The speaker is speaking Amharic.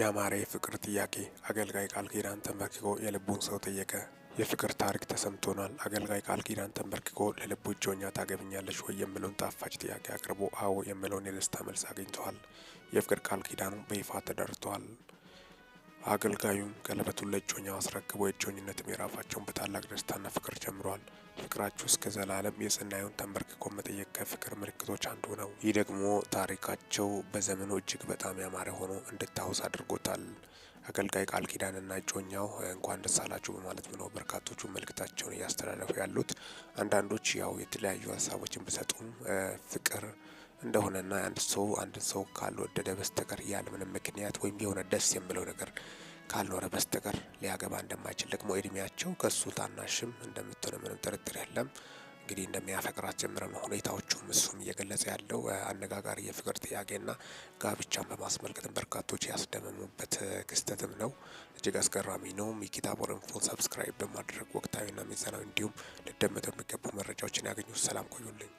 ያማረ የፍቅር ጥያቄ አገልጋይ ቃል ኪዳን ተንበርክኮ የልቡን ሰው ጠየቀ። የፍቅር ታሪክ ተሰምቶናል። አገልጋይ ቃል ኪዳን ተንበርክኮ ለልቡ እጮኛ ታገብኛለች ወይ የሚለውን ጣፋጭ ጥያቄ አቅርቦ አዎ የሚለውን የደስታ መልስ አግኝተዋል። የፍቅር ቃል ኪዳኑ በይፋ ተደርቷል። አገልጋዩም ቀለበቱን ለእጮኛው አስረክበው የእጮኝነት ምዕራፋቸውን በታላቅ ደስታና ፍቅር ጀምሯል። ፍቅራችሁ እስከ ዘላለም የጽናዩን ተንበርክኮ መጠየቅ ከፍቅር ምልክቶች አንዱ ነው። ይህ ደግሞ ታሪካቸው በዘመኑ እጅግ በጣም ያማረ ሆኖ እንድታውስ አድርጎታል። አገልጋይ ቃል ኪዳንና እጮኛው እንኳን ደስ አላችሁ በማለት ምነው በርካቶቹ መልእክታቸውን እያስተላለፉ ያሉት። አንዳንዶች ያው የተለያዩ ሀሳቦችን ቢሰጡም ፍቅር እንደሆነና አንድ ሰው አንድ ሰው ካልወደደ በስተቀር ያለምንም ምክንያት ወይም የሆነ ደስ የምለው ነገር ካልኖረ በስተቀር ሊያገባ እንደማይችል ደግሞ እድሜያቸው ከእሱ ታናሽም እንደምትሆነ ምንም ጥርጥር የለም። እንግዲህ እንደሚያፈቅራት ጀምረ ነው ሁኔታዎቹም እሱም እየገለጸ ያለው አነጋጋሪ የፍቅር ጥያቄና ጋብቻን በማስመልከትም በርካቶች ያስደመሙበት ክስተትም ነው። እጅግ አስገራሚ ነው። ሚኪታቦርን ፎን ሰብስክራይብ በማድረግ ወቅታዊና ሚዛናዊ እንዲሁም ሊደመጡ የሚገቡ መረጃዎችን ያገኙ። ሰላም ቆዩልኝ።